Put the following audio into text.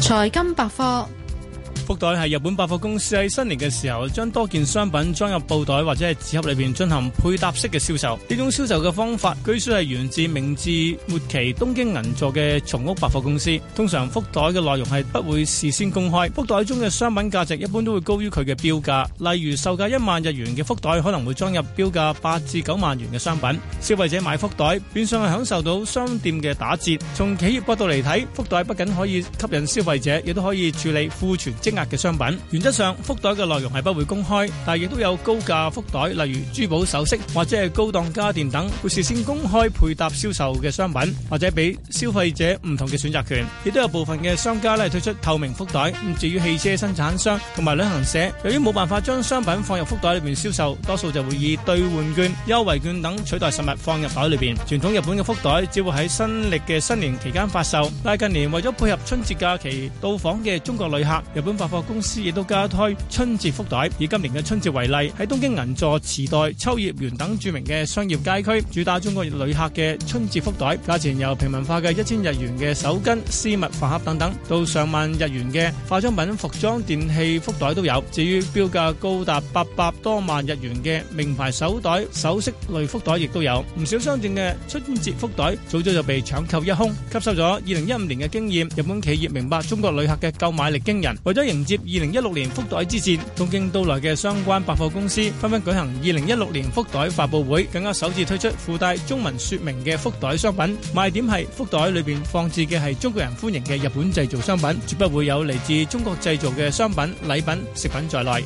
財金百貨。福袋係日本百貨公司喺新年嘅時候，將多件商品裝入布袋或者係紙盒裏邊進行配搭式嘅銷售。呢種銷售嘅方法，據說係源自明治末期東京銀座嘅松屋百貨公司。通常福袋嘅內容係不會事先公開。福袋中嘅商品價值一般都會高於佢嘅標價，例如售價一萬日元嘅福袋可能會裝入標價八至九萬元嘅商品。消費者買福袋，變相係享受到商店嘅打折。從企業角度嚟睇，福袋不僅可以吸引消費者，亦都可以處理庫存積。壓嘅商品，原則上福袋嘅內容係不會公開，但係亦都有高價福袋，例如珠寶首飾或者係高檔家電等，會事先公開配搭銷售嘅商品，或者俾消費者唔同嘅選擇權。亦都有部分嘅商家呢，推出透明福袋。咁至於汽車生產商同埋旅行社，由於冇辦法將商品放入福袋裏邊銷售，多數就會以兌換券、優惠券等取代實物放入袋裏邊。傳統日本嘅福袋只會喺新曆嘅新年期間發售，但係近年為咗配合春節假期到訪嘅中國旅客，日本。百貨公司亦都加推春節福袋，以今年嘅春節為例，喺東京銀座、池袋、秋葉原等著名嘅商業街區，主打中國旅客嘅春節福袋，價錢由平民化嘅一千日元嘅手巾、絲襪、飯盒等等，到上萬日元嘅化妝品、服裝、電器福袋都有。至於標價高達八百多萬日元嘅名牌手袋、首飾類福袋亦都有。唔少商店嘅春節福袋早早就被搶購一空。吸收咗二零一五年嘅經驗，日本企業明白中國旅客嘅購買力驚人，為咗。迎接二零一六年福袋之戰，東京到來嘅相關百貨公司紛紛舉行二零一六年福袋發布會，更加首次推出附帶中文說明嘅福袋商品。賣點係福袋裏面放置嘅係中國人歡迎嘅日本製造商品，絕不會有嚟自中國製造嘅商品、禮品、食品在內。